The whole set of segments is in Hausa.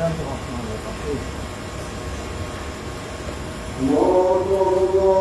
y a o r d Lord, Lord.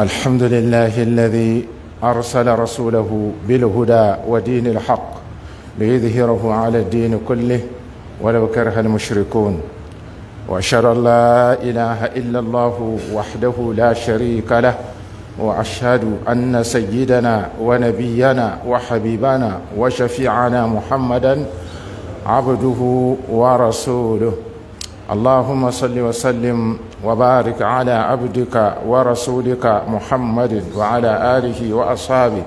الحمد لله الذي أرسل رسوله بالهدى ودين الحق ليظهره على الدين كله ولو كره المشركون وأشهد أن لا إله إلا الله وحده لا شريك له وأشهد أن سيدنا ونبينا وحبيبنا وشفيعنا محمدا عبده ورسوله اللهم صل وسلم وبارك على عبدك ورسولك محمد وعلى آله وأصحابه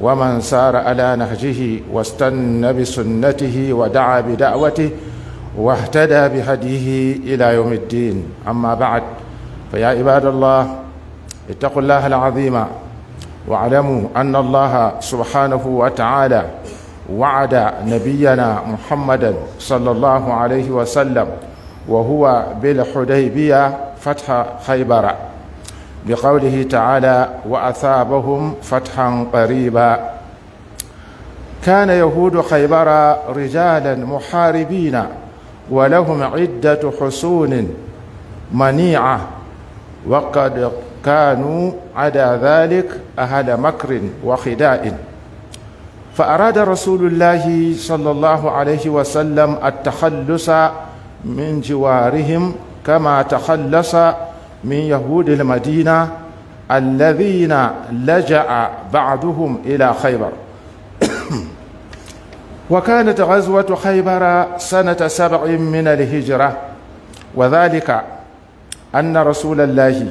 ومن سار على نهجه واستنى بسنته ودعا بدعوته واهتدى بهديه إلى يوم الدين أما بعد فيا عباد الله اتقوا الله العظيم واعلموا أن الله سبحانه وتعالى وعد نبينا محمدا صلى الله عليه وسلم وهو بالحديبية فتح خيبر بقوله تعالى وأثابهم فتحا قريبا كان يهود خيبر رجالا محاربين ولهم عدة حصون منيعة وقد كانوا عدا ذلك أهل مكر وخداء فأراد رسول الله صلى الله عليه وسلم التخلص من جوارهم كما تخلص من يهود المدينة الذين لجأ بعضهم إلى خيبر وكانت غزوة خيبر سنة سبع من الهجرة وذلك أن رسول الله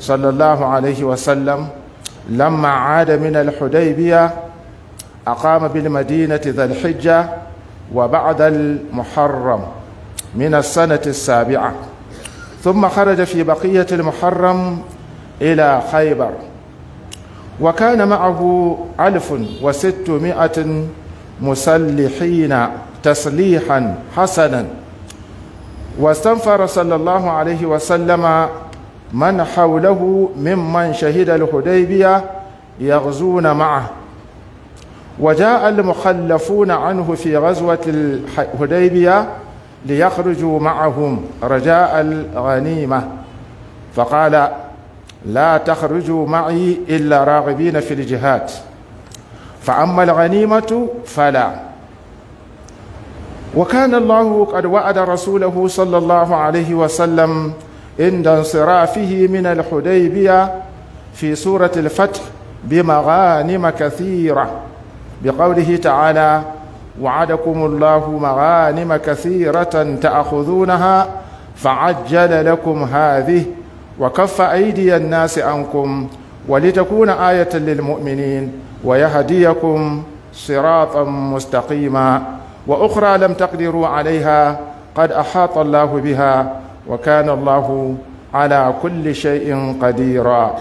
صلى الله عليه وسلم لما عاد من الحديبية أقام بالمدينة ذا الحجة وبعد المحرم من السنة السابعة ثم خرج في بقية المحرم إلى خيبر وكان معه ألف وستمائة مسلحين تسليحا حسنا واستنفر صلى الله عليه وسلم من حوله ممن شهد الحديبية يغزون معه وجاء المخلفون عنه في غزوة الحديبية ليخرجوا معهم رجاء الغنيمة فقال لا تخرجوا معي إلا راغبين في الجهاد فأما الغنيمة فلا وكان الله قد وعد رسوله صلى الله عليه وسلم عند انصرافه من الحديبية في سورة الفتح بمغانم كثيرة بقوله تعالى وعدكم الله مغانم كثيرة تأخذونها فعجل لكم هذه وكف أيدي الناس عنكم ولتكون آية للمؤمنين ويهديكم صراطا مستقيما وأخرى لم تقدروا عليها قد أحاط الله بها وكان الله على كل شيء قديرا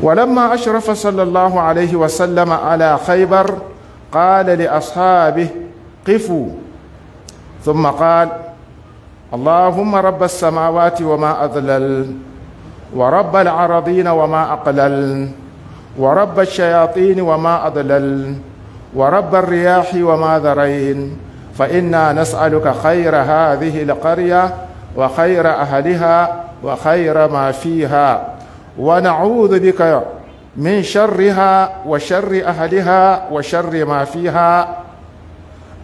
ولما أشرف صلى الله عليه وسلم على خيبر قال لأصحابه قفوا ثم قال اللهم رب السماوات وما أذلل ورب العرضين وما أقلل ورب الشياطين وما أضلل ورب الرياح وما ذرين فإنا نسألك خير هذه القرية وخير أهلها وخير ما فيها ونعوذ بك من شرها وشر أهلها وشر ما فيها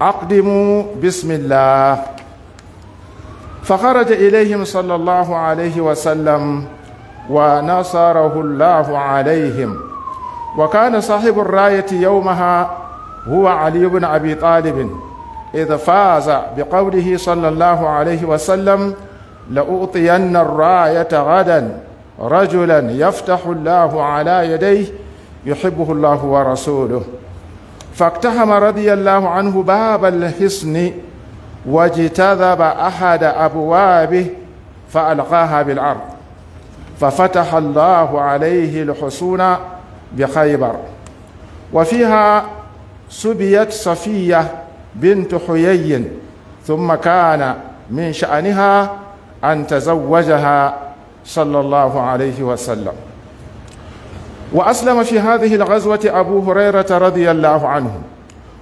أقدموا بسم الله فخرج إليهم صلى الله عليه وسلم ونصره الله عليهم وكان صاحب الراية يومها هو علي بن أبي طالب إذ فاز بقوله صلى الله عليه وسلم لأعطين الراية غداً رجلا يفتح الله على يديه يحبه الله ورسوله فاقتحم رضي الله عنه باب الحصن واجتذب أحد أبوابه فألقاها بالعرض ففتح الله عليه الحصون بخيبر وفيها سبيت صفية بنت حيي ثم كان من شأنها أن تزوجها صلى الله عليه وسلم وأسلم في هذه الغزوة أبو هريرة رضي الله عنه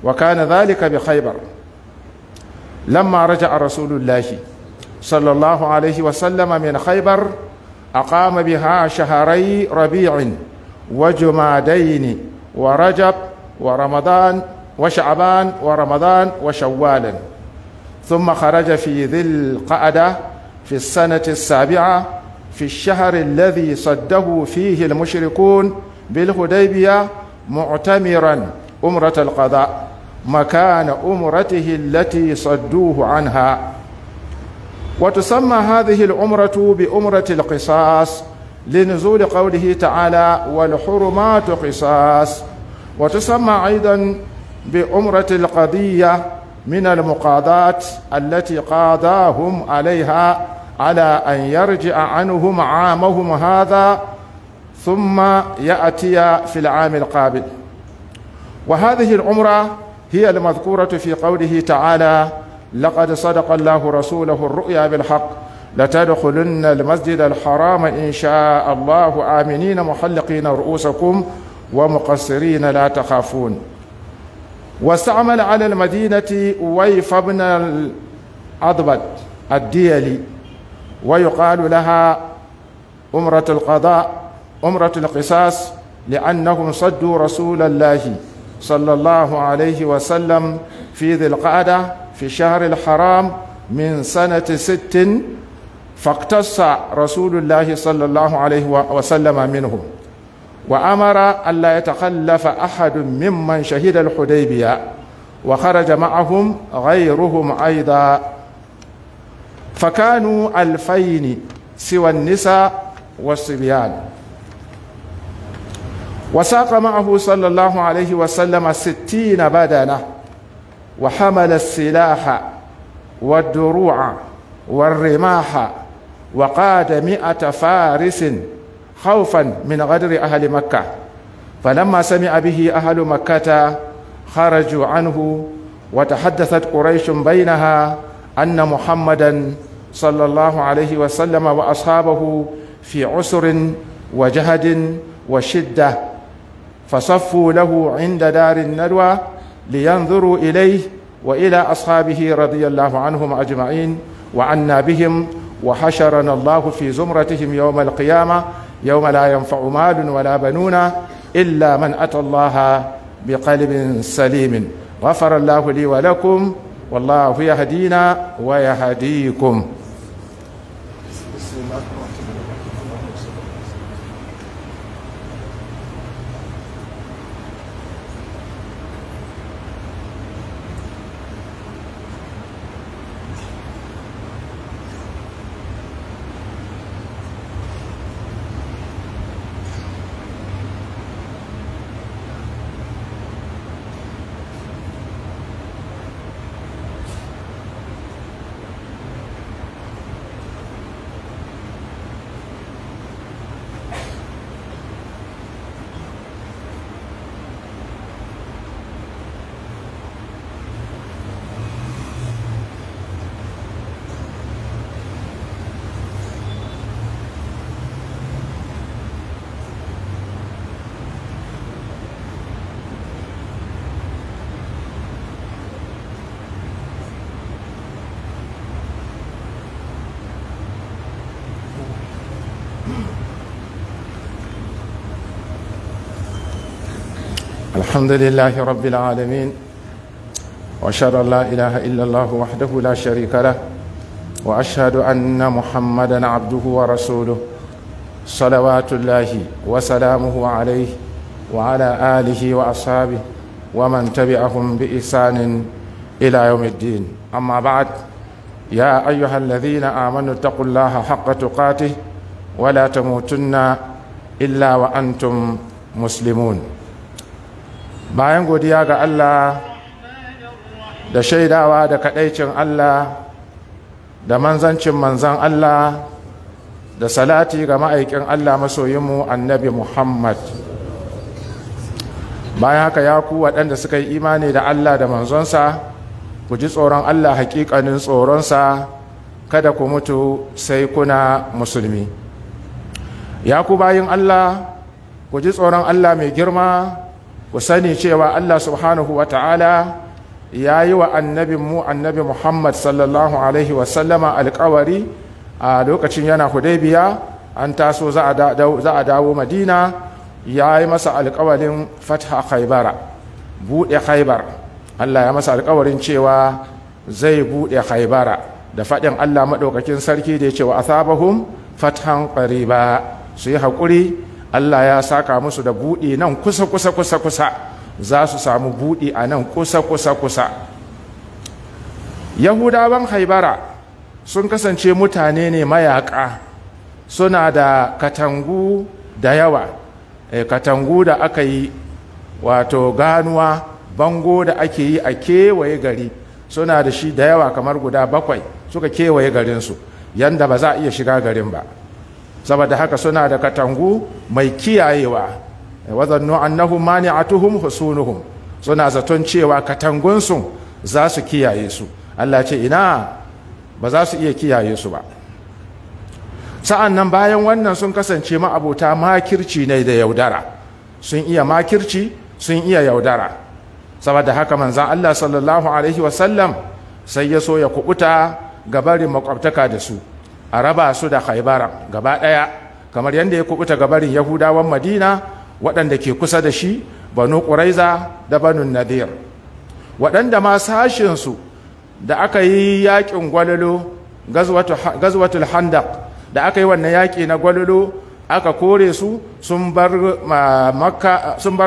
وكان ذلك بخيبر لما رجع رسول الله صلى الله عليه وسلم من خيبر أقام بها شهري ربيع وجمادين ورجب ورمضان وشعبان ورمضان وشوالا ثم خرج في ذي القعدة في السنة السابعة في الشهر الذي صده فيه المشركون بالهديبية معتمرا أمرة القضاء مكان أمرته التي صدوه عنها وتسمى هذه الأمرة بأمرة القصاص لنزول قوله تعالى والحرمات قصاص وتسمى أيضا بأمرة القضية من المقاضات التي قاضاهم عليها على أن يرجع عنهم عامهم هذا ثم يأتي في العام القابل وهذه العمرة هي المذكورة في قوله تعالى لقد صدق الله رسوله الرؤيا بالحق لتدخلن المسجد الحرام إن شاء الله آمنين محلقين رؤوسكم ومقصرين لا تخافون واستعمل على المدينة ويف بن الأضبط الديلي ويقال لها أمرة القضاء أمرة القصاص لأنهم صدوا رسول الله صلى الله عليه وسلم في ذي القعدة في شهر الحرام من سنة ست فاقتص رسول الله صلى الله عليه وسلم منهم وأمر ألا يتخلف أحد ممن شهد الحديبية وخرج معهم غيرهم أيضا fakanu alfaini siwa nisa wa sibiyan wa saqa ma'ahu sallallahu alayhi wa sallam 60 badana wa hamala silaha wa warimaha wa rimaha wa qada mi'ata farisin khawfan min ghadri ahli makkah فلما سمع Makkata أهل مكة wa عنه وتحدثت قريش بينها أن محمدا صلى الله عليه وسلم واصحابه في عسر وجهد وشده فصفوا له عند دار الندوه لينظروا اليه والى اصحابه رضي الله عنهم اجمعين وعنا بهم وحشرنا الله في زمرتهم يوم القيامه يوم لا ينفع مال ولا بنون الا من اتى الله بقلب سليم غفر الله لي ولكم والله يهدينا ويهديكم الحمد لله رب العالمين وأشهد أن لا إله إلا الله وحده لا شريك له وأشهد أن محمدا عبده ورسوله صلوات الله وسلامه عليه وعلى آله وأصحابه ومن تبعهم بإحسان إلى يوم الدين أما بعد يا أيها الذين آمنوا اتقوا الله حق تقاته ولا تموتن إلا وأنتم مسلمون bayan godiya ga Allah da shaidawa da kadaicin Allah da manzancin manzan Allah da salati ga ma'aikin Allah masoyinmu annabi Muhammad bayan haka ya ku waɗanda suka yi imani da Allah da manzonsa ku ji tsoron Allah hakikanin tsoronsa kada ku mutu sai kuna musulmi ya ku bayin Allah ku ji tsoron Allah mai girma ku sani cewa Allah subhanahu wa ta'ala ya yi wa annabin mu annabi Muhammad sallallahu alaihi wasallama alkawari a lokacin yana Hudaibiya an taso za a dawo madina ya yi masa alkawarin fatha khaibara buɗe khaibar Allah ya masa alkawarin cewa zai buɗe khaibara da faɗin Allah maɗaukakin sarki da ya ce wa asabahum fathan ba su yi haƙuri Allah ya saka musu da buɗe nan kusa kusa kusa kusa za su samu buɗe a nan kusa kusa kusa yahudawan haibara sun kasance mutane ne mayaka. suna da katangu da yawa e, katangu da aka yi wato ganuwa bango da ake yi a kewaye gari suna da shi da yawa kamar guda bakwai suka kewaye garinsu yanda ba za a iya shiga garin ba saboda haka suna da katangu mai kiyayewa wazannu a mani'atuhum husunuhum suna zaton cewa katangunsu za su kiyaye su Allah ce ina ba za su iya kiyaye su ba sa'an nan bayan wannan sun kasance ma'abota makirci ne da yaudara sun iya makirci sun iya yaudara saboda haka manzan Allah sallallahu alaihi wasallam sai ya so ya kubuta gabarin makwabtaka da su a raba su da haibara gaba ɗaya kamar yadda ya kubuta gabarin yahudawan madina waɗanda ke kusa da shi banu ƙuraiza da banu nadir waɗanda ma sashinsu da aka yi yaƙin gwalolo gazwatul handak da aka yi wannan yaƙi na gwalolo aka kore su sun bar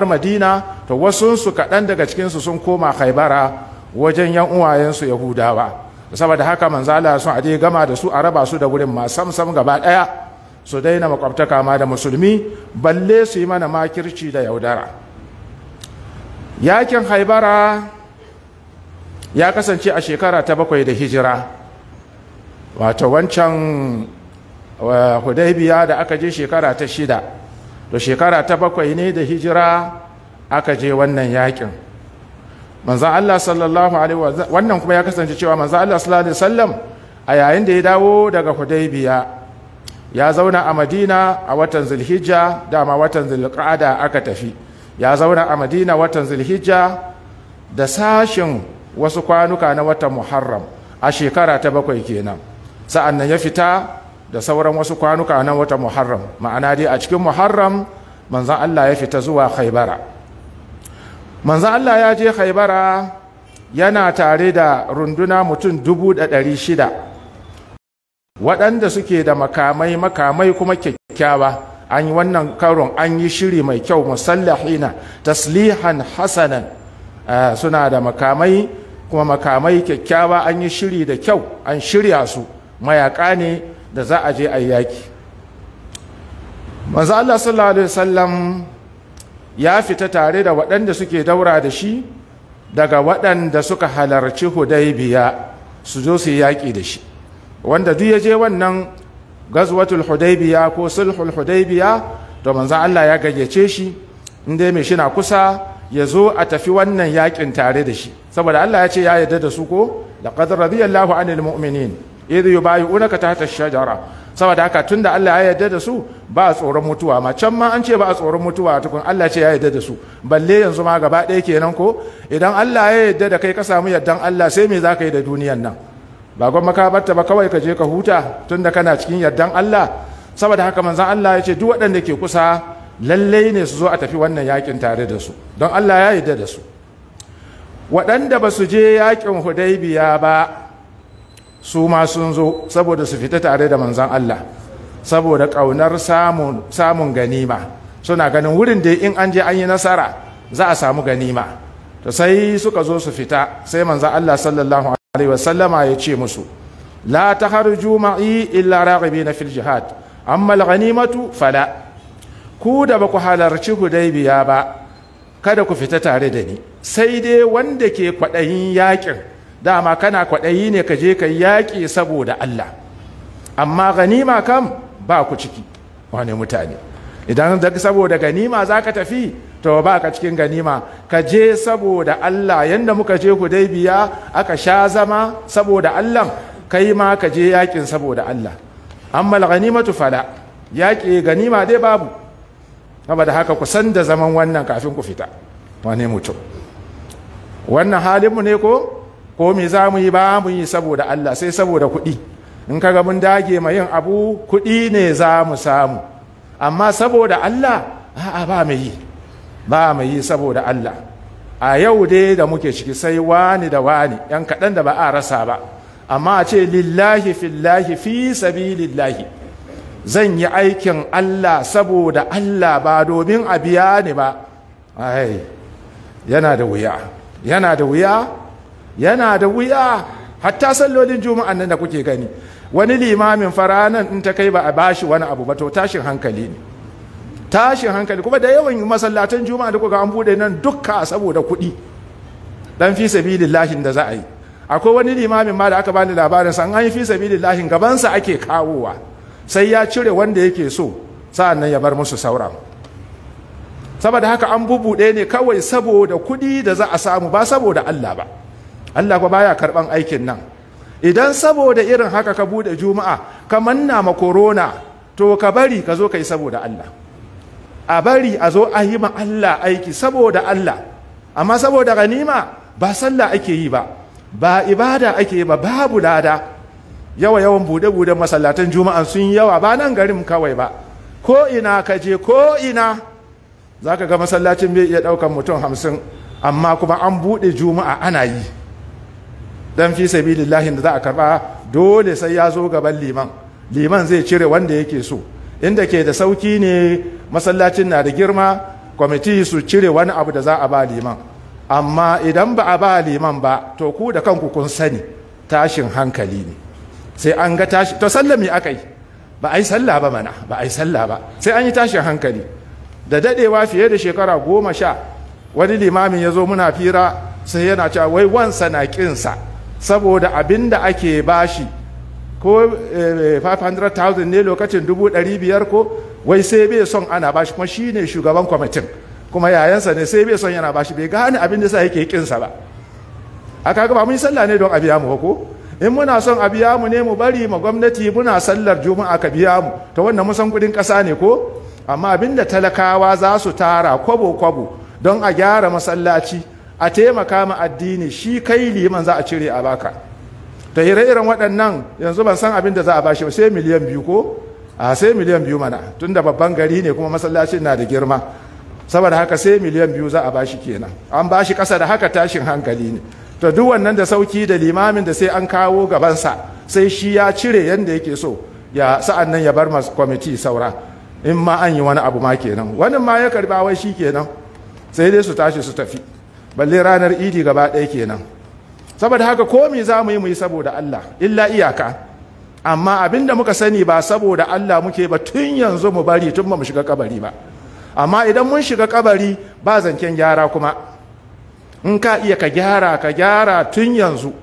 madina to wasu su kaɗan daga cikinsu sun koma haibara wajen yan uwayensu yahudawa saboda haka manzo Allah sun aje gama da su a raba su da wurin ma sam sam gaba daya su daina makwabtaka ma da musulmi balle su yi mana makirci da yaudara yakin haibara ya kasance a shekara ta bakwai da hijira wato wancan hudaibiya da aka je shekara ta shida to shekara ta bakwai ne da hijira aka je wannan yakin manzan Allah sallallahu alaihi wasallam wannan kuma ya kasance cewa manzan Allah sallallahu alaihi wasallam a yayin da ya dawo daga hudaibiya ya zauna a Madina a watan Zulhijja dama watan Zulqa'ada aka tafi ya zauna a Madina watan Zulhijja da sashin wasu kwanuka na watan Muharram a shekara ta bakwai kenan sa'an nan ya fita da sauran wasu kwanuka na watan Muharram ma'ana dai a cikin Muharram manzan Allah ya fita zuwa Khaibara manzan Allah ya je haibara yana tare da runduna mutum dubu da ɗari shida waɗanda suke da makamai makamai kuma kyakkyawa an yi wannan karon an yi shiri mai kyau musallahina taslihan hasanan eh, suna da makamai kuma makamai kyakkyawa an yi shiri da kyau an shirya su Mayaka ne da za a je a yaki manzo Allah sallallahu alaihi wasallam ya fita tare da waɗanda suke daura da shi daga waɗanda suka halarci hudaibiya su zo su yaƙi da shi wanda duk ya je wannan gazwatul hudaibiya ko sulhul hudaibiya to manzan Allah ya gayyace shi inda mai shi na kusa ya zo a tafi wannan yaƙin tare da shi saboda Allah ya ce ya yarda da su ko laqad radiyallahu anil mu'minin idh yubayyi'unaka tahta ash-shajara saboda haka tunda Allah ya yarda da su ba a tsoron mutuwa ma can ma an ce ba a tsoron mutuwa tukun Allah ce ya yarda da su balle yanzu ma gaba ɗaya kenan ko idan Allah ya yarda da kai ka samu yardan Allah sai me zaka yi da duniyan nan ba gwamma ka ba kawai ka je ka huta tunda kana cikin yardan Allah saboda haka manzon Allah ya ce duk waɗanda ke kusa lallai ne su zo a tafi wannan yakin tare da su don Allah ya yarda da su waɗanda ba su je yakin Hudaybiya ba su ma sun zo saboda su fita tare da manzan Allah saboda ƙaunar samun ganima suna ganin wurin da in an je an yi nasara za a samu ganima to sai suka zo su fita sai manzan Allah sallallahu alaihi wasallama ya ce musu la taharju ma'i illa raghibina fil jihad amma al-ghanimatu fala ku da ba ku halarci hudaybiya ba kada ku fita tare da ni sai dai wanda ke kwaɗayin yakin dama kana kwaɗayi ne ka je ka yaƙi saboda Allah amma ganima kam ba ku ciki wani mutane idan saboda ganima za ka tafi to ba ka cikin ganima ka je saboda Allah yadda muka je ku dai biya aka sha zama saboda Allah kai ma ka je yaƙin saboda Allah amma ganimatu fala yaƙi ganima dai babu saboda haka ku san da zaman wannan kafin ku fita wani mutum wannan halinmu ne ko ko me za mu yi ba mu yi saboda Allah sai saboda kuɗi in kaga mun dage ma yin abu kuɗi ne za mu samu amma saboda Allah a'a ba mu yi ba mu yi saboda Allah a yau dai da muke ciki sai wani da wani yan kaɗan da ba a rasa ba amma a ce lillahi fillahi fi sabi Lillahi. zan yi aikin Allah saboda Allah ba domin a biya ni ba ai yana da wuya yana da wuya yana da wuya hatta sallolin juma'an nan da kuke gani wani limamin faranan in ta kai ba a bashi wani abu ba to tashin hankali ne tashin hankali kuma da yawan masallatan juma'a da kuka an bude nan dukka saboda kuɗi dan fi sabilillahi da za a yi akwai wani limamin ma da aka bani labarin san an yi fi sabilillahi gabansa ake kawowa sai ya cire wanda yake so sa'an nan ya bar musu sauran saboda haka an bubuɗe ne kawai saboda kuɗi da za a samu ba saboda Allah ba Allah ba baya karban aikin nan idan saboda irin haka ka bude juma'a ka manna ma korona, to ka bari ka zo kai saboda Allah a bari a zo a yi ma Allah aiki saboda Allah amma saboda ganima ba sallah ake yi ba ba ibada ake yi ba babu lada yawa yawan bude bude masallatan juma'a sun yawa ba nan garin kawai ba ko ina ka je ko ina za ga masallacin bai iya ɗaukan mutum hamsin amma kuma an bude juma'a ana yi dan fi sabilillahi da za a karba dole sai ya zo gaban liman liman zai cire wanda yake so inda ke da sauki ne masallacin na da girma kwamiti su cire wani abu da za a ba liman amma idan ba a ba liman ba to ku da kanku kun sani tashin hankali ne sai an ga tashi to sallami me yi ba a yi sallah ba mana ba a yi sallah ba sai an yi tashin hankali da dadewa fiye da shekara goma sha wani limamin ya zo muna fira sai yana cewa wai wansa na kinsa saboda abin da ake bashi ko 500,000 eh, ne lokacin 500,000 ko wai sai bai son ana bashi kuma shi ne shugaban kwamitin kuma yayansa ne sai bai son yana bashi bai gane abin da sa yake kinsa ba a kaga ba mun sallah ne don a biya mu ko in muna son a biya mu ne mu bari ma gwamnati muna sallar juma'a ka biya mu to wannan mun san kudin kasa ne ko amma abin da talakawa za su tara kwabo kwabo don a gyara masallaci a taimaka ma addini shi kai liman za a cire a baka ta ire-iren waɗannan yanzu ban san abin da za a bashi ba sai miliyan biyu ko a sai miliyan biyu mana tun da babban gari ne kuma masallacin na da girma saboda haka sai miliyan biyu za a bashi kenan an bashi ƙasa da haka tashin hankali ne ta duk wannan da sauki da limamin da sai an kawo gabansa sai shi ya cire yadda yake so ya sa'an nan ya bar mas kwamiti saura in ma an yi wani abu ma kenan wani ma ya karba wai shi kenan sai dai su tashi su tafi balle ranar idi gaba ɗaya kenan saboda haka komi za mu yi mu yi saboda Allah illa iyaka amma abin da muka sani ba saboda Allah muke ba tun yanzu mu bari tun ba mu shiga kabari ba amma idan mun shiga kabari ba zancen gyara kuma in ka iya ka gyara ka gyara tun yanzu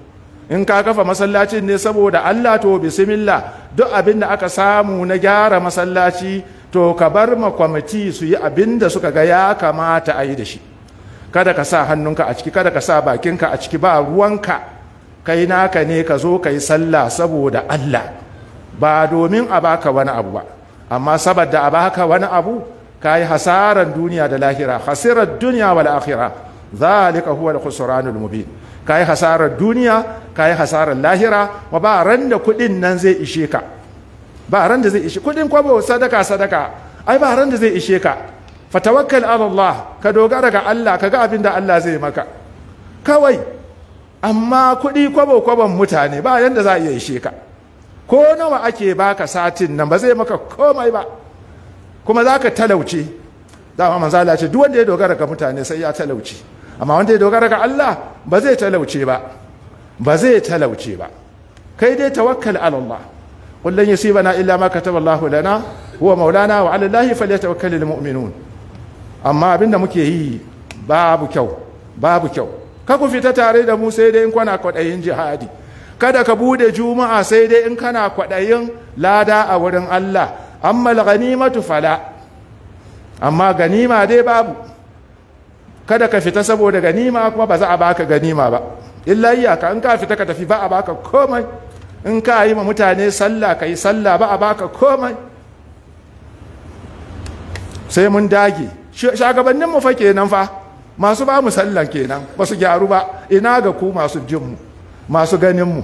in ka kafa masallacin ne saboda Allah to bismillah duk abin da aka samu na gyara masallaci to ka bar ma kwamiti su yi abin da suka ga ya kamata a yi da shi kada ka sa hannunka a ciki kada ka sa bakinka a ciki ba ruwanka kai naka ne ka zo ka yi sallah saboda Allah ba domin a baka wani abu ba amma saboda a baka wani abu ka yi hasaran duniya da lahira hasirar duniya wal akhira zalika huwa al-khusranul mubin ka yi hasarar duniya ka yi hasarar lahira wa ba ran da kudin nan zai ishe ka ba ran da zai ishe kudin kwabo sadaka sadaka ai ba ran da zai ishe ka fatawakkal ala Allah ka dogara ga Allah ka ga abin da Allah zai maka kawai amma kuɗi kwabo kwabon mutane ba yanda za a iya ishe ka ko nawa ake baka satin nan ba zai maka komai ba kuma za ka talauce Za manzo Allah ce duk wanda ya dogara ga mutane sai ya talauce amma wanda ya dogara ga Allah ba zai talauce ba ba zai talauce ba kai dai tawakkal ala Allah ya lan yusibana illa ma kataba Allah lana huwa maulana wa ala Allah falyatawakkalul mu'minun amma abin da muke yi babu kyau babu kyau ka ku fita tare da mu sai dai in kwana kwaɗayin jihadi kada ka bude juma'a sai dai in kana kwaɗayin lada a wurin Allah amma ganimatu fala amma ganima dai babu kada ka fita saboda ganima kuma ba za a baka ganima ba illa iyaka in ka fita ka tafi ba a baka komai in ka yi ma mutane sallah ka yi sallah ba a baka komai sai mun dage shagabannin mu fa kenan fa masu ba mu sallan kenan ba su gyaru ba ina ga ku masu jin mu masu ganin mu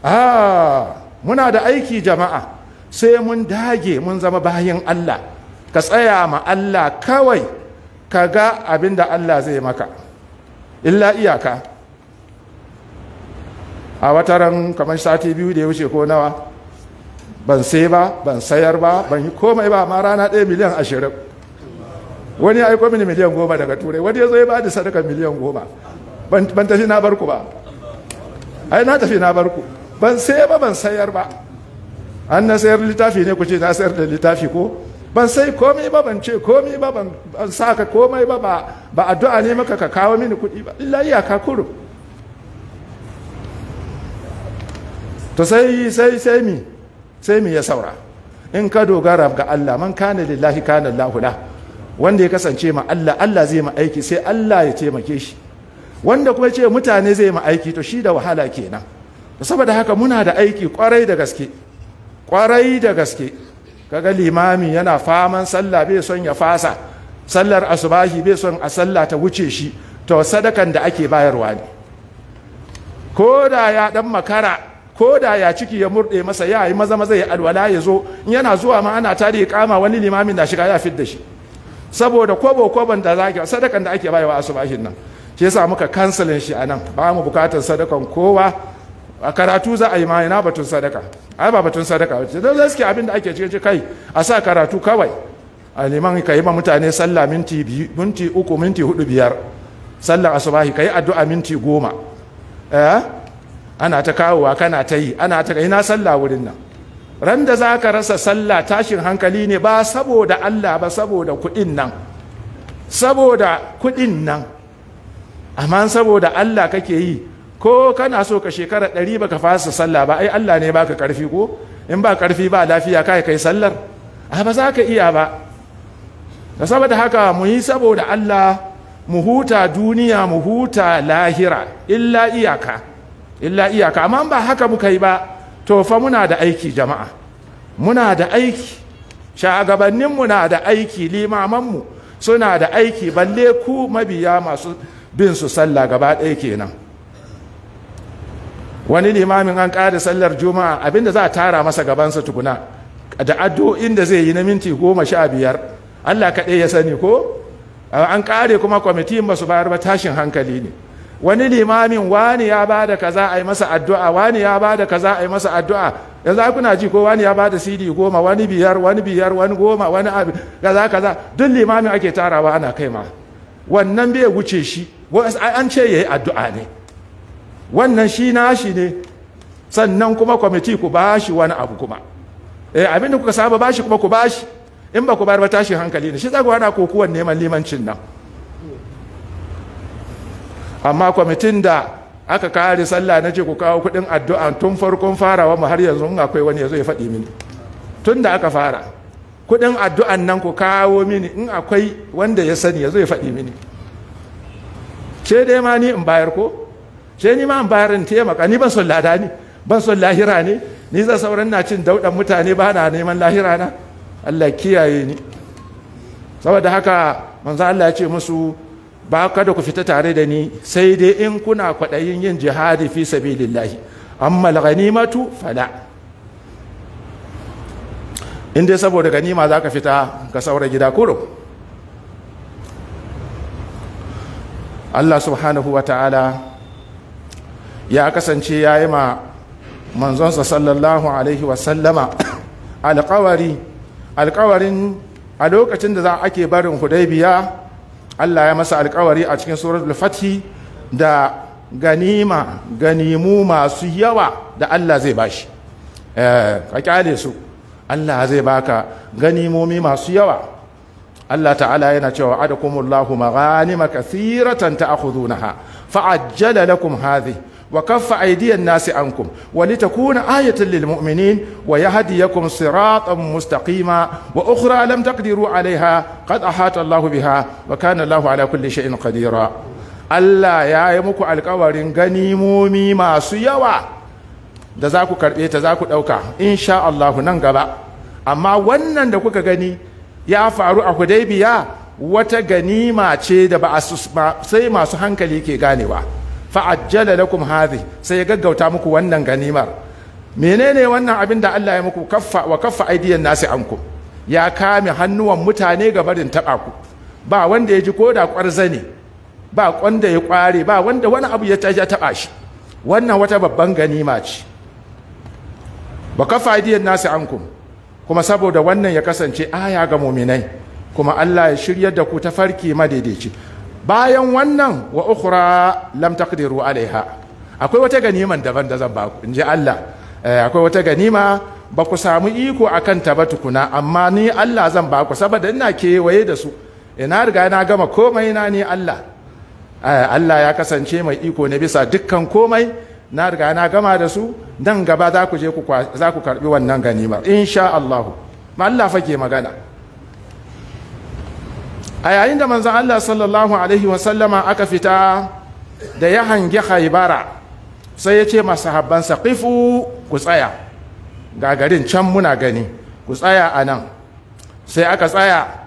ah muna da aiki jama'a sai mun dage mun zama bayin Allah ka tsaya ma Allah kawai ka ga abin da Allah zai maka illa iyaka a wataran kamar sati biyu da ya wuce ko nawa ban sai ba ban sayar ba ban yi komai ba ma rana ɗaya miliyan ashirin wani ya aiko mini miliyan goma daga turai wani ya zo ya ba da sadaka miliyan goma ban tafi na barku ba ai na tafi na barku ban sai ba ban sayar ba an na sayar littafi ne ku ce na sayar da littafi ko ban sai komai ba ban ce komai ba ban sa ka komai ba ba addu'a ne maka ka kawo mini kuɗi ba illa ka kuru to sai sai sai mi sai mi ya saura in ka dogara ga Allah man kana lillahi kana lahu lahu wanda ya kasance ma Allah Allah zai ma aiki sai Allah ya taimake shi wanda kuma ce mutane zai ma aiki to shi da wahala kenan saboda haka muna da aiki kwarai da gaske kwarai da gaske kaga limami yana faman sallah bai son ya fasa sallar asubahi bai son a sallah ta wuce shi to sadakan da ake bayarwa ne ko da ya dan makara ko da ya ciki ya murde masa ya yi maza maza ya alwala ya zo yana zuwa ma ana tare kama wani limamin na shiga ya fidda shi saboda kwabo kwabon da zaki sadakan da ake bayarwa asubahin nan shi yasa muka kansalin shi anan ba mu bukatar sadakan kowa a karatu za a yi ma ina batun sadaka ai ba batun sadaka ce da gaske abin da ake cikin kai a sa karatu kawai a liman ka yi ma mutane sallah minti biyu, minti uku minti hudu biyar sallar asubahi ka yi addu'a minti goma eh ana ta kawowa kana ta yi ana ta ina sallah wurin nan ran da za ka rasa sallah tashin hankali ne ba saboda allah ba saboda kuɗin nan saboda kuɗin nan amma saboda allah kake yi ko kana so ka shekara ɗari ba baka fasa sallah ba ai allah ne baka ƙarfi ko in ba ƙarfi ba lafiya kai kai sallar a ba za ka iya ba da saboda haka mu yi saboda allah mu huta duniya mu huta lahira illa iyaka illa iyaka amma ba haka muka yi ba to fa muna da aiki jama'a muna da aiki shagabanninmu na da aiki limamanmu suna da aiki balle ku mabiya masu bin su sallah gaba ɗaya kenan wani limamin an ƙara sallar juma'a abinda za a tara masa gabansa tukuna da addu'o'in da zai yi na minti goma sha biyar allah kaɗai ya sani ko an ƙare kuma kwamitin ba su bayar ba tashin hankali ne wani limamin wani ya ba da kaza a yi masa addu'a wani ya ba da kaza a yi masa addu'a yanzu na ji ko wani ya ba da cd goma wani biyar wani biyar wani goma wani abu kaza kaza duk limamin ake tarawa ana kai ma wannan bai wuce shi an ce ya yi addu'a ne wannan shi nashi ne sannan kuma kwamiti ku ba shi wani abu kuma eh abin da kuka saba ba shi kuma ku ba shi in ba ku bayar ba tashin hankali ne shi ku wani kokuwan neman limancin nan amma kwamitin da aka kare sallah na ce ku kawo kuɗin addu'a tun farkon farawa mu har yanzu akwai wani ya zo ya faɗi mini tun da aka fara kuɗin addu'an nan ku kawo mini in akwai wanda ya sani ya zo ya faɗi mini ce dai ma ni in bayar ko ce ni ma in bayar in taimaka ni ban son lada ni? ban son lahira ne ni za sauran na cin daudan mutane ba na neman lahira na Allah kiyaye ni saboda haka manzo Allah ya ce musu ba kada ku fita tare da ni sai dai in kuna kwaɗayin yin jihadi fi sabilillahi amma ganimatu fala in dai saboda ganima za ka fita ka saura gida kuro Allah subhanahu wa ta'ala ya kasance ya yi ma manzonsa sallallahu alaihi wasallama alkawari alƙawarin a lokacin da za ake barin hudaibiya Allah ya masa alkawari a cikin suratul fathi da ganima ganimu masu yawa da Allah zai bashi eh, ka kyale su Allah zai baka ganimomi masu yawa Allah ta'ala yana cewa adakumullahu maghanima kathiratan ta'khudhunaha fa'ajjala lakum hadhihi wa kaffa aydiyan nasi ankum wa litakuna ayatan lil mu'minin wa yahdiyakum siratan mustaqima wa ukhra lam taqdiru alaiha qad ahata Allah biha wa kana Allah ala kulli sha'in qadira Allah ya yi muku alkawarin ganimomi masu yawa da za ku karɓe ta za ku ɗauka insha Allah nan gaba amma wannan da kuka gani ya faru a Hudaybiya wata ganima ce da ba sai masu hankali ke ganewa fa'ajjala lakum hadhi sai ya gaggauta muku wannan ganimar menene wannan abin da Allah ya muku kaffa wa kaffa aidiyan nasi anku ya kame hannuwan mutane ga barin taba ku ba wanda ya ji koda kwarza ne ba kwanda ya kware ba wanda wani abu ya taba shi wannan wata babban ganima ce wa kafa aidiyan nasi ankum kuma saboda wannan ya kasance aya ga muminai kuma Allah ya shiryar da ku ta farki madaidaici bayan wannan wa ukura lamtakadiru alaiha akwai wata ganiman daban da zan baku in ji Allah eh, akwai wata ganima ba ku samu iko a kanta ba tukuna amma ni Allah zan baku saboda ina kewaye da su ina eh, riga na gama komai na ni Allah eh, Allah ya kasance mai iko na bisa dukkan komai na riga na gama da su nan gaba za ku je ku za ku karbi wannan ganimar insha Allah ma Allah fake magana a yayin da manzan Allah sallallahu alaihi wasallama aka fita da ya hangi haibara sai ya ce masu habban saƙifu ku tsaya ga garin can muna gani ku tsaya a nan sai aka tsaya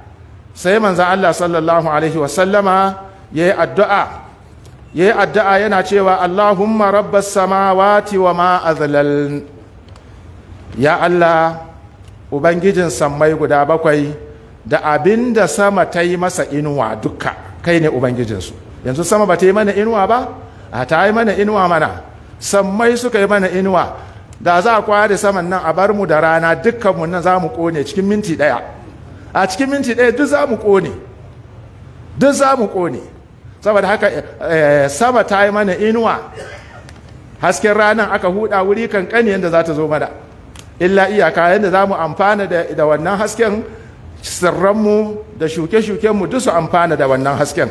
sai manzan Allah sallallahu alaihi wasallama ya yi addu'a ya yi addu'a yana cewa Allahumma rabbas samawati wa ma ma'azalal ya Allah Ubangijin sammai guda bakwai da abin da sama ta yi masa inuwa duka kai ne ubangijinsu yanzu sama ba ta yi mana inuwa ba a ta yi mana inuwa mana sammai suka yi mana inuwa da za a kware saman nan a bar mu da rana dukkanmu nan za mu kone cikin minti ɗaya a cikin minti ɗaya duk za mu kone duk za mu kone saboda haka eh, sama ta yi mana inuwa hasken ranar aka huda wuri kankani yadda za ta zo mana illa iyaka yadda za mu amfana da wannan hasken sirranmu da shuke-shukenmu duk su amfana da wannan hasken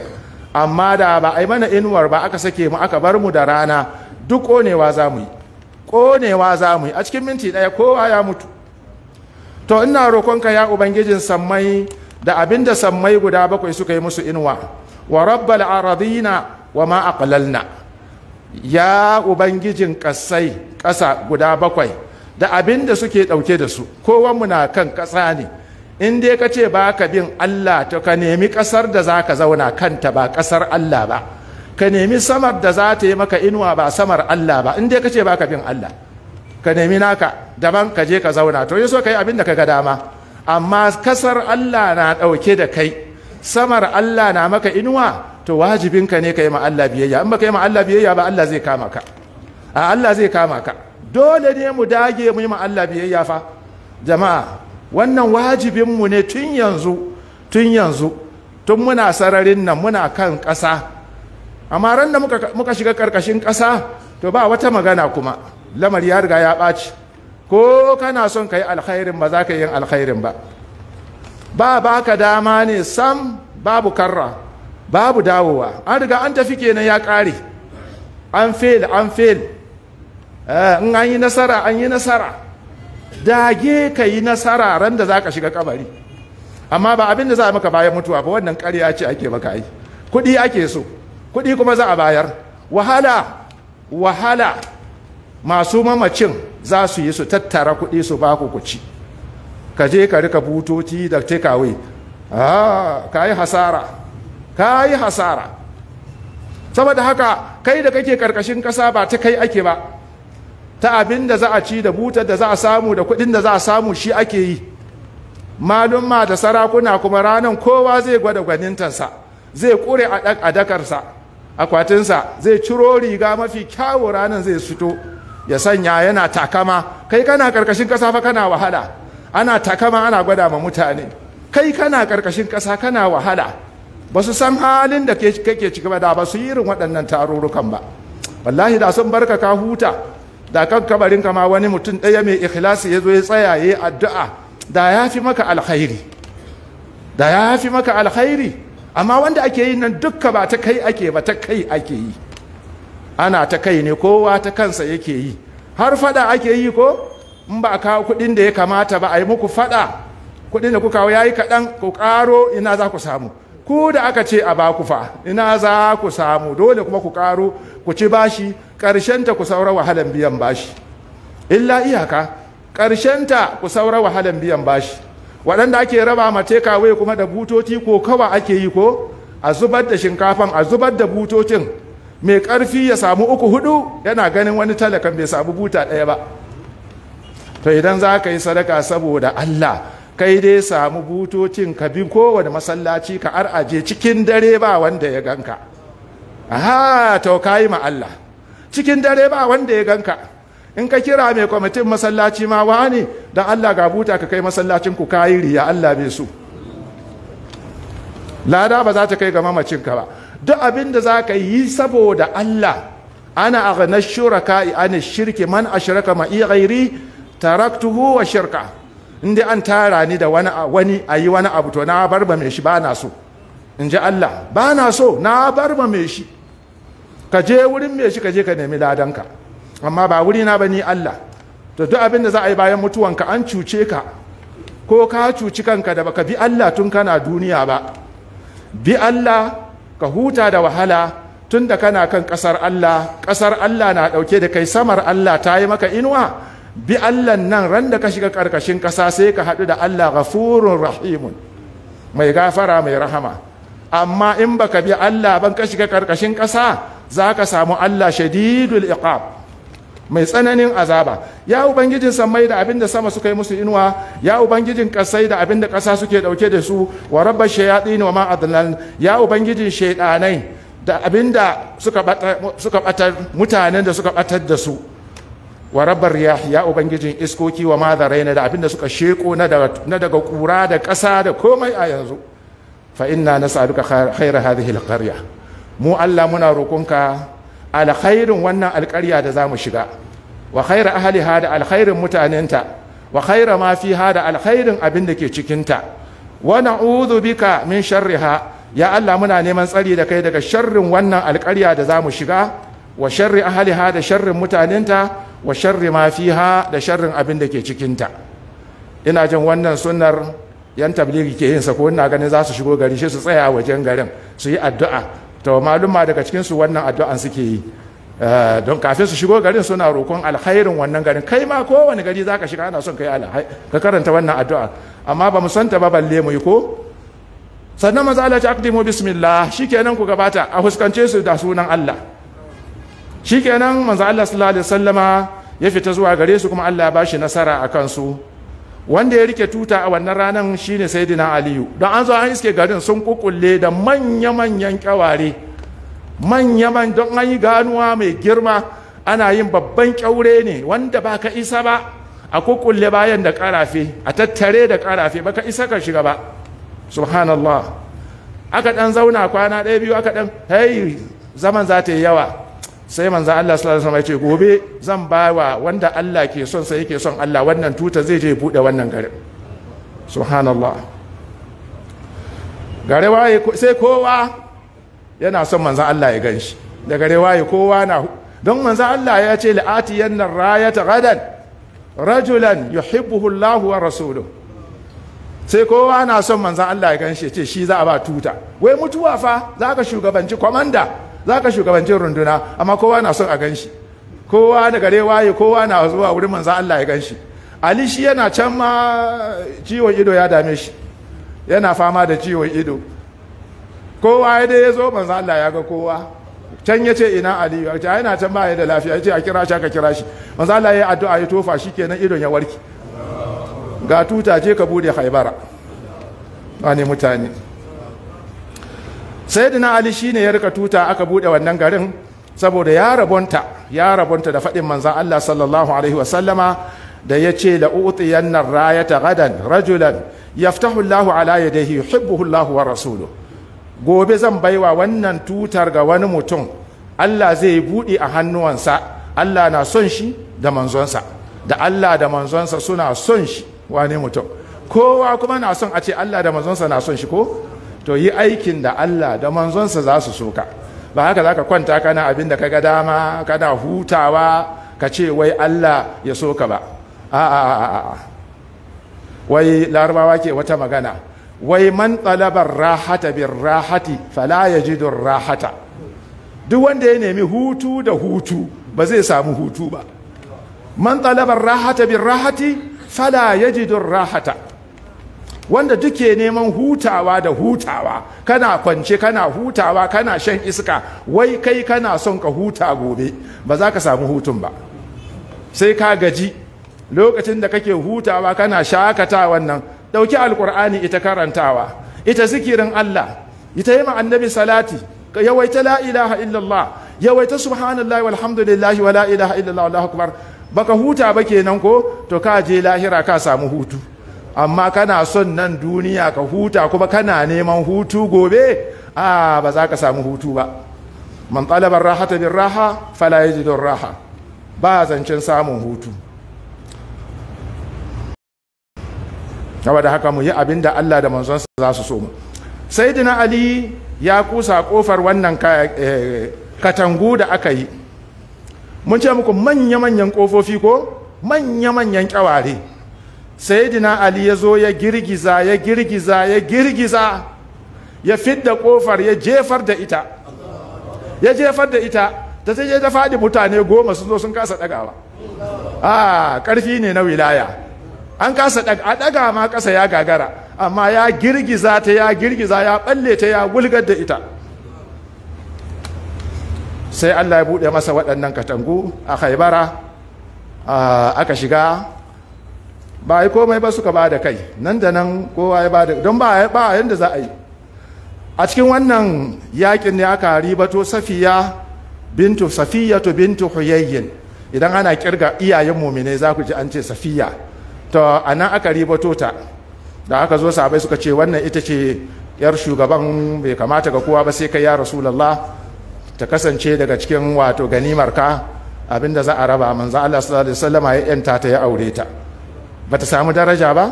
amma da ba a yi mana inuwar ba aka sake mu aka bar mu da rana duk konewa za mu yi konewa za mu yi a cikin minti ɗaya kowa ya mutu to ina roƙonka ya ubangijin sammai da abin da sammai guda bakwai suka yi musu inuwa wa rabbal aradina wa ma aqlalna ya ubangijin ƙasai ƙasa guda bakwai da abin da suke ɗauke da su kowanmu na kan ƙasa ne in dai ka ce ba ka bin Allah to ka nemi ƙasar da za ka zauna kanta ba ƙasar Allah ba ka nemi samar da za ta yi maka inuwa ba samar Allah ba in dai ka ce ba ka bin Allah ka nemi naka daban ka je ka zauna to yaso ka yi abin da ka ga dama amma kasar Allah na ɗauke da kai samar Allah na maka inuwa to wajibinka ne ka yi ma Allah biyayya in ba ka yi ma Allah biyayya ba Allah zai kama ka a Allah zai kama ka dole ne mu dage mu yi ma Allah biyayya fa jama'a wannan wajibinmu ne tun yanzu tun yanzu tun muna sararin nan muna kan ƙasa amma ran da muka shiga ƙarƙashin ƙasa to ba wata magana kuma lamar ya riga ya ɓaci ko kana son ka yi alkhairin ba za ka yi alkhairin ba ba ba ka dama ne sam babu karra babu dawowa an riga an tafi kenan ya ƙare an fail an fail eh, in an yi nasara an yi nasara dage ka yi nasara ran da za ka shiga kabari amma ba abin da za a maka bayan mutuwa ba wannan karya ce ake maka yi kuɗi ake so kuɗi kuma za a bayar wahala wahala masu mamacin za su yi su tattara kuɗi su ba ku kuci ka je ka rika butoci da take ah hasara ka yi hasara saboda haka kai da kake karkashin ƙasa ba ta kai ake ba ta abin da za a ci da butar da za a samu da kuɗin da za a samu shi ake yi malumma da sarakuna kuma ranar kowa zai gwada gwanintansa zai kure a dakarsa akwatinsa zai ciro riga mafi kyawu ranar zai fito ya sanya yana takama kai kana karkashin ƙasa fa kana wahala ana takama ana gwada ma mutane kai kana karkashin kasa kana wahala ba su san halin da kake ciki ba da ba su yi irin waɗannan tarurrukan ba wallahi da sun barka ka huta da kan kabarin kama wani mutum ɗaya mai ikhlasi ya zo ya tsaya ya yi addu'a da ya fi maka alkhairi da ya fi maka alkhairi amma wanda ake yi nan dukka ba ta kai ake ba ta kai ake yi ana ta kai ne kowa ta kansa yake yi har fada ake yi ko in ba kawo kuɗin da ya kamata ba a yi muku fada kuɗin da kuka kawo yayi kaɗan ku ƙaro ina za ku samu ku da aka ce a baku fa ina za ku samu dole kuma ku ƙaro ku ci bashi ta ku saura wahalan biyan bashi illa iyaka ta ku saura wahalan biyan bashi waɗanda ake raba ma kawai kuma da butoci ko kawa ake yi ko a zubar da shinkafan a zubar da butocin mai ƙarfi ya samu uku hudu yana ganin wani talakan bai samu buta ɗaya ba to idan za ka yi sadaka saboda allah kai dai samu butocin ka bi kowane masallaci ka ar'aje cikin dare ba wanda ya ganka aha to ka ma allah cikin dare ba wanda ya ganka in ka kira mai kwamitin masallaci ma wani don allah ga buta ka kai masallacin ku kayi riya allah bai su lada ba za ta kai ga mamacin ka ba duk abin da za ka yi saboda allah ana a na shuraka an shirki man ashraka ma iya gairi taraktuhu wa shirka inda an tara ni da wani a yi wani abu to na barba mai shi ba na so in ji allah ba na so na barba mai shi ka je wurin me shi ka je ka nemi ladanka amma ba wuri na ba ni Allah to duk abin da za a yi bayan mutuwanka an cuce ka ko ka cuci kanka da baka bi Allah tun kana duniya ba bi Allah ka huta da wahala tun da kana kan ƙasar Allah ƙasar Allah na ɗauke da kai samar Allah ta yi maka inuwa bi Allah nan ran da ka shiga karkashin ƙasa sai ka haɗu da Allah ghafurur rahimun mai gafara mai rahama amma in baka bi Allah ban ka shiga karkashin ƙasa za ka samu Allah shadidul iqab mai tsananin azaba ya ubangijin samai da abin da sama suka yi musu inuwa ya ubangijin kasai da abin da kasa suke dauke da su wa rabba shayatin wa ma adlan ya ubangijin shaidanai da abin da suka batar mutanen da suka batar da su wa rabbar riyah ya ubangijin iskoki wa madaraina da abin da suka sheko na daga kura da kasa da komai a yanzu fa inna nas'aluka khayra hadhihi alqaryah mu Allah muna roƙonka alkhairin wannan alƙarya da za mu shiga wa khaira ahliha da alkhairin mutanenta wa khaira ma fi da alkhairin abin da ke cikinta wa na'udhu bika min sharriha ya Allah muna neman tsari da kai daga sharrin wannan alƙarya da za mu shiga wa sharri ahliha da sharrin mutanenta wa sharri ma fiha da sharrin abin da ke cikinta ina jin wannan sunnar yan tabligi ke yin sa ko ina ganin za su shigo gari shi su tsaya wajen garin su yi addu'a to maluma daga cikinsu wannan addu'an suke yi eh, don kafin su shigo garin suna roƙon alkhairin wannan garin kai ma kowane gari za ka shiga ana son kai alhai ka karanta wannan addu'a amma ba mu santa ba balle mu yi ko sannan maza Allah ta aqdimu bismillah shikenan ku gabata a huskance su da sunan Allah shikenan manzo Allah sallallahu alaihi wasallama ya fita zuwa gare su kuma Allah ya bashi nasara akan su wanda ya rike tuta a wannan ranar shine saidina aliyu don an zo an iske garin sun kukulle da manya-manyan kyaware manya-man don an yi ganuwa mai girma ana yin babban kyaure ne wanda ba ka isa ba a kukulle bayan da karafe a tattare da karafe ba ka isa ka shiga ba subhanallah aka dan zauna kwana ɗaya biyu aka dan hey zaman za ta yi yawa sai manzan Allah sallallahu alaihi wasallam ya ce gobe zan bawa wanda Allah ke son sai yake son Allah wannan tuta zai je bude wannan garin subhanallah gare waye sai kowa yana son manzan Allah ya ganshi da gare waye kowa na don manzan Allah ya ce la'ati yanna rayata gadan rajulan yuhibbuhu Allah wa rasuluhu sai kowa na son manzan Allah ya ganshi ce shi za a ba tuta wai mutuwa fa zaka shugabanci komanda za ka shugabancin runduna amma kowa na son a gan shi kowa daga dai waye kowa na zuwa wurin manzan Allah ya gan shi ali shi yana can ma ciwon ido ya dame shi yana fama da ciwon ido kowa ya dai ya zo manzan Allah ya ga kowa can ya ce ina aliyu ya ce yana can ba ya da lafiya ya ce a kira shi aka kira shi manzan Allah ya addu'a ya tofa shi kenan idon ya warke ga tuta je ka bude haibara wani mutane sayyidina ali shi ne ya rika tuta aka bude wannan garin saboda ya rabonta ya rabonta da faɗin manzan Allah sallallahu alaihi wasallama da ya ce nan raya ta gadan rajulan yaftahu Allahu ala yadayhi yuhibbuhu Allahu wa rasulu gobe zan baiwa wannan tutar ga wani mutum Allah zai buɗe a hannuwansa Allah na son shi da manzonsa da Allah da manzonsa suna son shi wani mutum kowa kuma na son a ce Allah da manzonsa na son shi ko to yi aikin da Allah da manzonsa za su soka ba haka za ka kwanta kana abin da ka ga dama kana hutawa ka ce wai Allah ya soka ba a a wai larabawa ke wata magana wai man talabar rahata bin rahati fala don rahata duk wanda ya nemi hutu da hutu ba zai samu hutu ba man talabar rahata bin rahati fala don rahata wanda duke neman hutawa da hutawa kana kwance kana hutawa kana shan iska wai kai kana son ka huta gobe ba za ka samu hutun ba sai ka gaji lokacin da kake hutawa kana shakatawa nan ɗauki alkur'ani ita karantawa ita zikirin allah ita yi annabi salati yawaita la ilaha illallah yawaita subhanallah walhamdulillah wa la ilaha illallah allahu akbar baka huta ba kenan ko to ka je lahira ka samu hutu amma kana son nan duniya ka huta kuma kana neman hutu gobe a ba za ka samu hutu ba man talabar ta bin raha fala jidon raha ba zancen samun hutu da haka mu yi abin da Allah da manzonsa za su so mu dina ali ya kusa kofar wannan eh, katangu da aka yi mun ce muku manya-manyan kofofi ko manya-manyan kyaware sayyidina ali ya zo ya girgiza ya girgiza ya girgiza ya fidda kofar ya jefar da ita ya jefar da ita ta sai ta faɗi mutane goma sun zo sun kasa ɗagawa a ƙarfi ne na wilaya an kasa a ɗaga ma ƙasa ya gagara amma ya girgiza ta ya girgiza ya ɓalle ta ya gulgar da ita sai allah ya buɗe masa waɗannan katangu a haibara aka shiga ba yi komai ba suka ba da kai nan da nan kowa ya ba da don ba a yadda za a yi a cikin wannan yakin ne aka ribato safiya bintu to bintu huyayyin idan ana kirga iyayen mumine za ku ji an ce safiya to a nan aka ribato ta da aka zo sabai suka ce wannan ita ce yar shugaban bai kamata ga kowa ba sai kai ya rasulallah ta kasance daga cikin wato ganimarka ka abinda za a raba manzo Allah sallallahu alaihi wasallam ya yanta ta ya aure ta ba ta samu daraja ba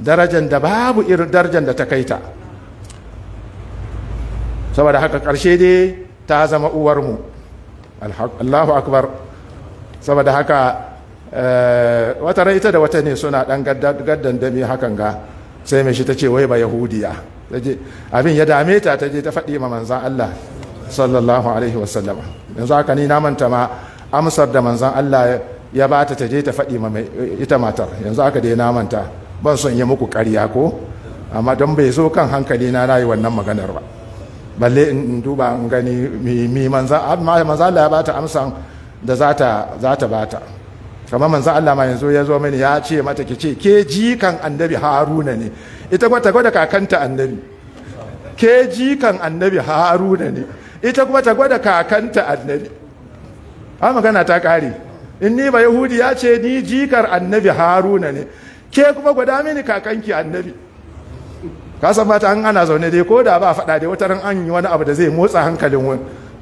darajan da babu irin darajan da ta kai ta saboda haka ƙarshe dai ta zama uwarmu allahu akbar saboda haka eh, wata ita da wata ne suna ɗan gaddan dami hakan ga sai mai shi ta ce wai ba yahudiya abin ya dame ta ta je ta faɗi ma manzan allah sallallahu alaihi wasallam yanzu haka ni na manta ma amsar da manzan allah ya ba ta taje ta faɗi ita matar yanzu aka dai namanta ban son yi muku ƙarya ko amma don bai zo kan hankali na rayu wannan maganar ba balle in duba in gani mi manza Allah ya ba ta amsan da za ta ba ta kamar manza Allah ma yanzu ya zo mini ya ce mata ki ce ke jikan annabi haruna ne ita kuma ta gwada kakanta annabi ke jikan annabi haruna ne ita kuma ta gwada kakanta annabi Ha magana ta kare in ni ba ya ce ni jikar annabi haruna ne ke kuma gwada mini kakanki annabi ka san mata an ana zaune dai ko da ba faɗa dai wata ran an yi wani abu da zai motsa hankalin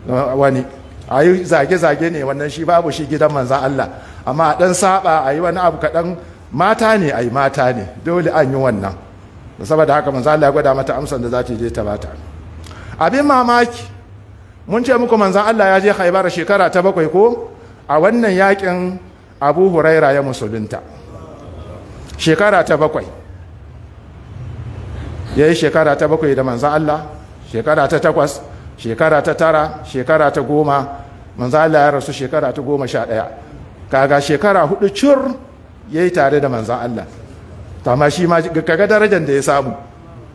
wani a yi zage-zage ne wannan shi babu shi gidan manzan Allah amma a ɗan saba a yi wani abu kaɗan mata ne a yi mata ne dole an yi wannan saboda haka manzan Allah ya gwada mata amsan da za ta je ta bata abin mamaki mun ce muku manzan Allah ya je haibar shekara ta bakwai ko a wannan yakin abu huraira ya musulunta shekara ta bakwai ya yi shekara ta bakwai da manzan Allah shekara ta takwas shekara ta tara shekara ta goma manzan Allah ya rasu shekara ta goma sha ɗaya kaga shekara hudu cur ya yi tare da manzan Allah ta ma shi ma kaga darajar da ya samu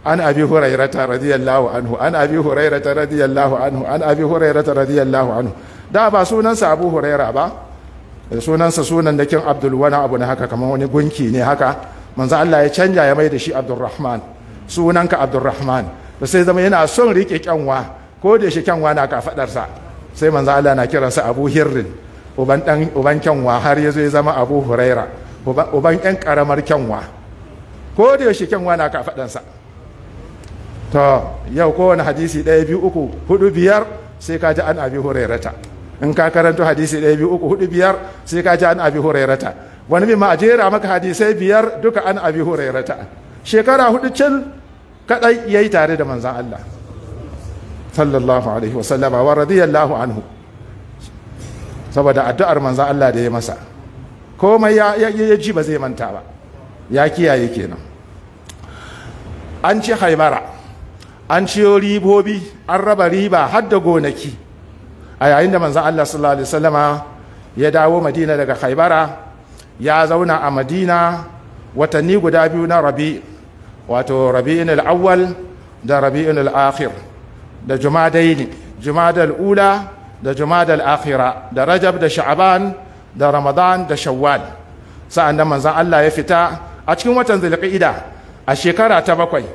an abi hurairata radiyallahu anhu an abi hurairata radiyallahu anhu an abi hurairata radiyallahu anhu da ba sunansa abu huraira ba sunansa sunan dakin abdul wani abu na haka kamar wani gunki ne haka manzo Allah ya canja ya mai da shi abdurrahman sunanka abdurrahman da sai zama yana son rike kyanwa ko da shi kyanwa na kafadarsa sai manzo Allah na kiransa abu hirrin uban dan uban kyanwa har ya zo ya zama abu huraira uban yan karamar kyanwa ko da shi kyanwa na kafadansa to yau kowane hadisi ɗaya biyu uku hudu biyar sai ka ji an abi hurairata in ka karanto hadisi ɗaya biyu uku hudu biyar sai ka ji an abi hurairata wani bi ma a jera maka hadisai biyar duka an abi hurairata shekara hudu can kadai yayi tare da manzan Allah sallallahu alaihi wasallama wa radiyallahu anhu saboda addu'ar manzan Allah da ya masa komai ya ji ba zai manta ba ya kiyaye kenan an ci haimara. an ciyo ribobi an raba riba har da gonaki a yayin da manzan Allah sallallahu alaihi wasallama ya dawo madina daga khaibara ya zauna a madina watanni guda biyu na rabi wato rabi'in al'awwal da rabi'in al'akhir da jumadaini jumadal ula da jumadal akhira da rajab da sha'aban da ramadan da shawwal sa'an da manzan Allah ya fita a cikin watan zulqa'ida a shekara ta bakwai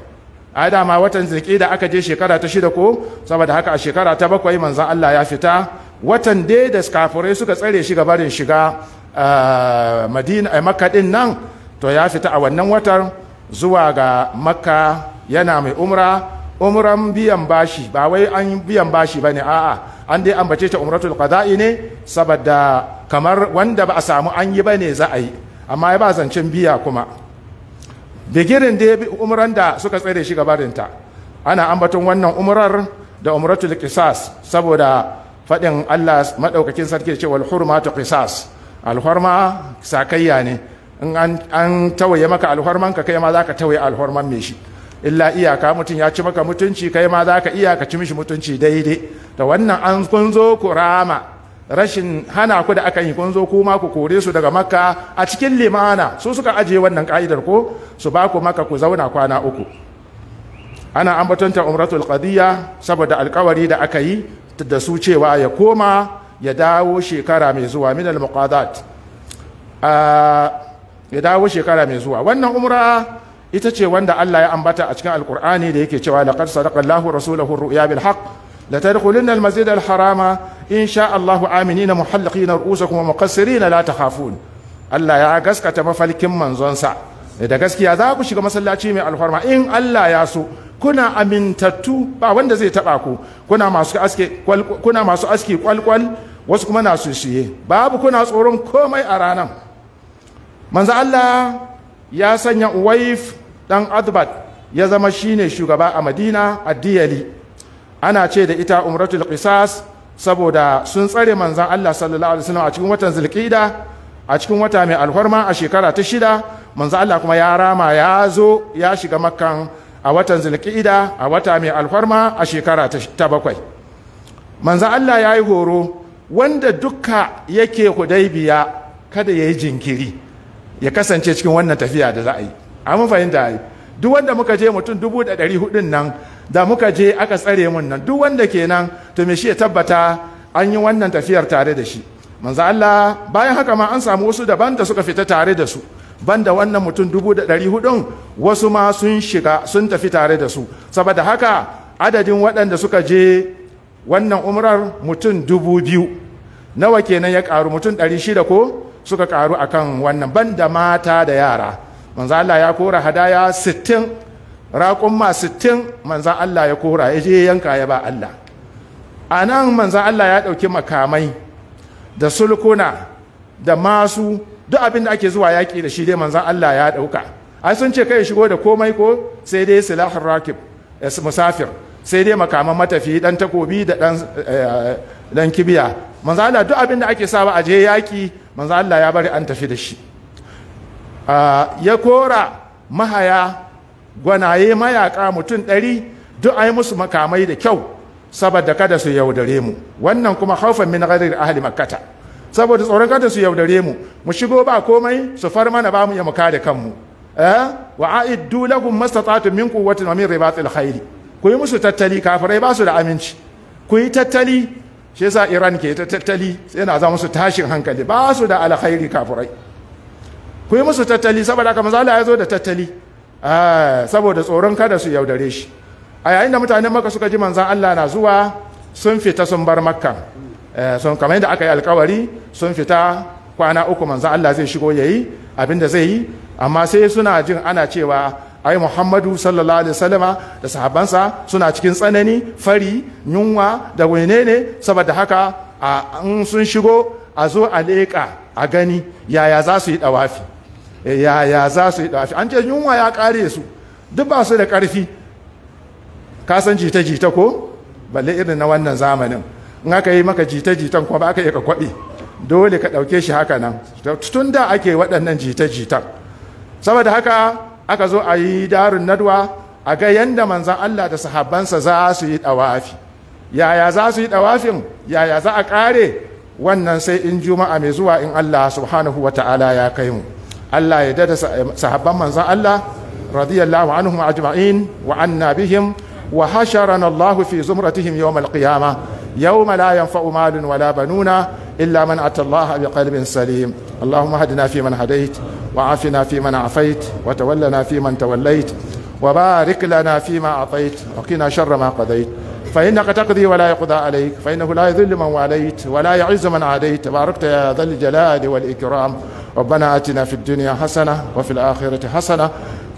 a dama watan zirki da aka je shekara ta shida ko saboda haka a shekara ta bakwai manzan Allah ya fita watan dai da skafurai suka tsare shi barin shiga ah, madina eh, makka din nan to ya fita a wannan watan zuwa ga makka yana mai umra umran biyan bashi ba wai an biyan bashi ba ne a'a an dai ambace ta umratul qada'i ne saboda kamar wanda ba a samu an yi ba ne za a yi amma ya ba zancen biya kuma bigirin da ya bi umran da suka tsere shi gabarinta ana ambaton wannan umrar da umratul qisas saboda faɗin Allah maɗaukakin sarki ce wal hurmatu qisas alhurma sakayya ne in an tawaye maka alhurman ka kai ma zaka tawaye alhurman me shi illa iyaka mutum ya ci maka mutunci kai ma zaka iya ka ci mishi mutunci daidai ta wannan an kunzo zo kurama rashin hana ku da aka yi kun zo kuma ku kore su daga makka a cikin limana su suka ajiye wannan ka'idar ko su ba ku maka ku zauna kwana uku ana ambatonta umratul qadiyya saboda alkawari da aka yi da su cewa ya koma ya dawo shekara mai zuwa min al muqadat ya dawo shekara mai zuwa wannan umra ita ce wanda Allah ya ambata a cikin alkur'ani da yake cewa laqad sadaqa Allahu rasulahu ru'ya bil haqq la tadkhulunna al masjid al harama in sha Allahu aminina muhallaqina ru'usakum wa muqassirina la takhafun Allah ya gaskata mafalkin manzonsa eh, da gaskiya za ku shiga masallaci mai alfarma in Allah ya so kuna amintattu ba wanda zai taba ku kuna masu aske masu aski kwalkwal wasu kuma na shiye babu kuna tsoron komai a ranan manzo Allah ya sanya Uwaif dan Adbat ya zama shine shugaba a Madina a Diyali ana ce da ita umratul qisas saboda sun tsare manzan Allah sallallahu alaihi wasallam a cikin watan zulkida a cikin wata mai alhorma a shekara ta shida manzan Allah kuma ya rama ya zo ya shiga makkan a watan zulkida a wata mai alhorma a shekara ta bakwai manzan Allah ya yi horo wanda dukka yake biya kada ya yi jinkiri ya kasance cikin wannan tafiya da za a yi a mun fahimta duk wanda muka je mutum dubu da ɗari hudun nan da muka je aka tsare mun nan duk wanda kenan to me shi ya tabbata an yi wannan tafiyar tare da shi manzo Allah bayan haka ma an samu wasu daban da suka fita tare da su banda wannan mutum dubu da ɗari hudun wasu ma sun shiga sun tafi tare da su saboda haka adadin waɗanda suka je wannan umrar mutum dubu biyu nawa kenan ya karu mutum ɗari shida ko suka ƙaru akan wannan banda mata da yara manzo Allah ya kora hadaya sittin raƙon masu tin manzan Allah ya kora ya je yanka ya ba Allah a nan manzan Allah ya ɗauki makamai da sulkuna da masu duk abin da ake zuwa yaƙi da shi dai manzan Allah ya ɗauka ai sun ce kai shigo da komai ko sai dai silahun rakib eh, musafir sai dai makaman matafi dan takobi da dan eh, kibiya manzan Allah duk abin da ake sawa a je yaƙi manzan Allah ya bari an tafi da shi ah, ya kora mahaya gwanaye mayaka mutum ɗari duk a yi musu makamai da kyau saboda kada su yaudare mu wannan kuma haufan min gharir ahli makkata saboda tsoron kada su yaudare mu mu shigo ba komai su far mana ba mu ya muka da kanmu eh wa aiddu lahum mastata'tum min quwwatin wa min ribatil khair ku yi musu tattali kafirai ba su da aminci ku yi tattali shi yasa Iran ke ta tattali sai na za musu tashin hankali ba su da alkhairi kafirai ku yi musu tattali saboda kamar Allah ya zo da tattali Ah, saboda tsoron kada su yaudare shi a yayin da mutanen maka suka ji manzan Allah na zuwa sun fita sun bar makka eh, sun kamar yadda aka yi alkawari sun fita kwana uku manzan Allah zai shigo yayi abin da zai yi amma sai suna jin ana cewa ai Muhammadu sallallahu alaihi wasallama da sahabbansa suna cikin tsanani fari yunwa da ne. saboda haka an sun shigo a zo a leka a gani yaya za su yi dawafi yaya eh, za su yi dafi an ce yunwa ya kare su duk ba su da karfi kasan jita-jita ko balle irin na wannan zamanin in aka yi maka jita-jitan kuma aka yi ka kwaɓe dole ka ɗauke shi haka nan tun da ake waɗannan jita-jitan saboda haka aka zo a yi darin nadwa a ga yadda manzan Allah da sahabbansa za su yi ɗawafi yaya za su yi ɗawafin yaya za a ƙare wannan sai in juma'a mai zuwa in Allah subhanahu wa ta'ala ya kai mu الله يدد صحابة من manzan رضي الله عنهم أجمعين وعنا بهم bihim الله في زمرتهم يوم القيامة يوم لا ينفع مال ولا بنون إلا من أتى الله بقلب سليم اللهم هدنا فيمن هديت وعافنا فيمن عافيت وتولنا فيمن توليت وبارك لنا فيما أعطيت وقنا شر ما قضيت فإنك تقضي ولا يقضى عليك فإنه لا يذل من واليت ولا يعز من عاديت تباركت يا ذا الجلال والإكرام ربنا آتنا في الدنيا حسنة وفي الآخرة حسنة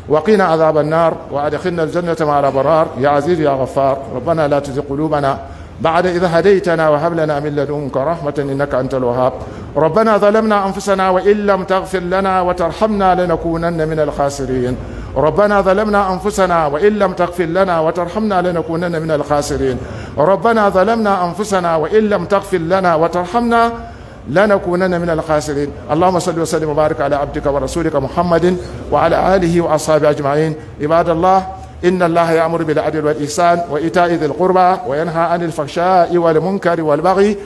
وقنا عذاب النار وأدخلنا الجنة مع الأبرار يا عزيز يا غفار ربنا لا تزغ قلوبنا بعد إذ هديتنا وهب لنا من لدنك رحمة إنك أنت الوهاب ربنا ظلمنا أنفسنا وإن لم تغفر لنا وترحمنا لنكونن من الخاسرين ربنا ظلمنا أنفسنا وإن لم تغفر لنا وترحمنا لنكونن من الخاسرين ربنا ظلمنا أنفسنا وإن لم تغفر لنا وترحمنا لنكونن من الخاسرين اللهم صل وسلم وبارك على عبدك ورسولك محمد وعلى آله وأصحابه أجمعين عباد الله إن الله يأمر بالعدل والإحسان وإيتاء ذي القربى وينهى عن الفحشاء والمنكر والبغي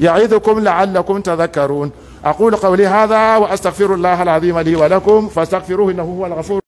يعظكم لعلكم تذكرون أقول قولي هذا وأستغفر الله العظيم لي ولكم فاستغفروه إنه هو الغفور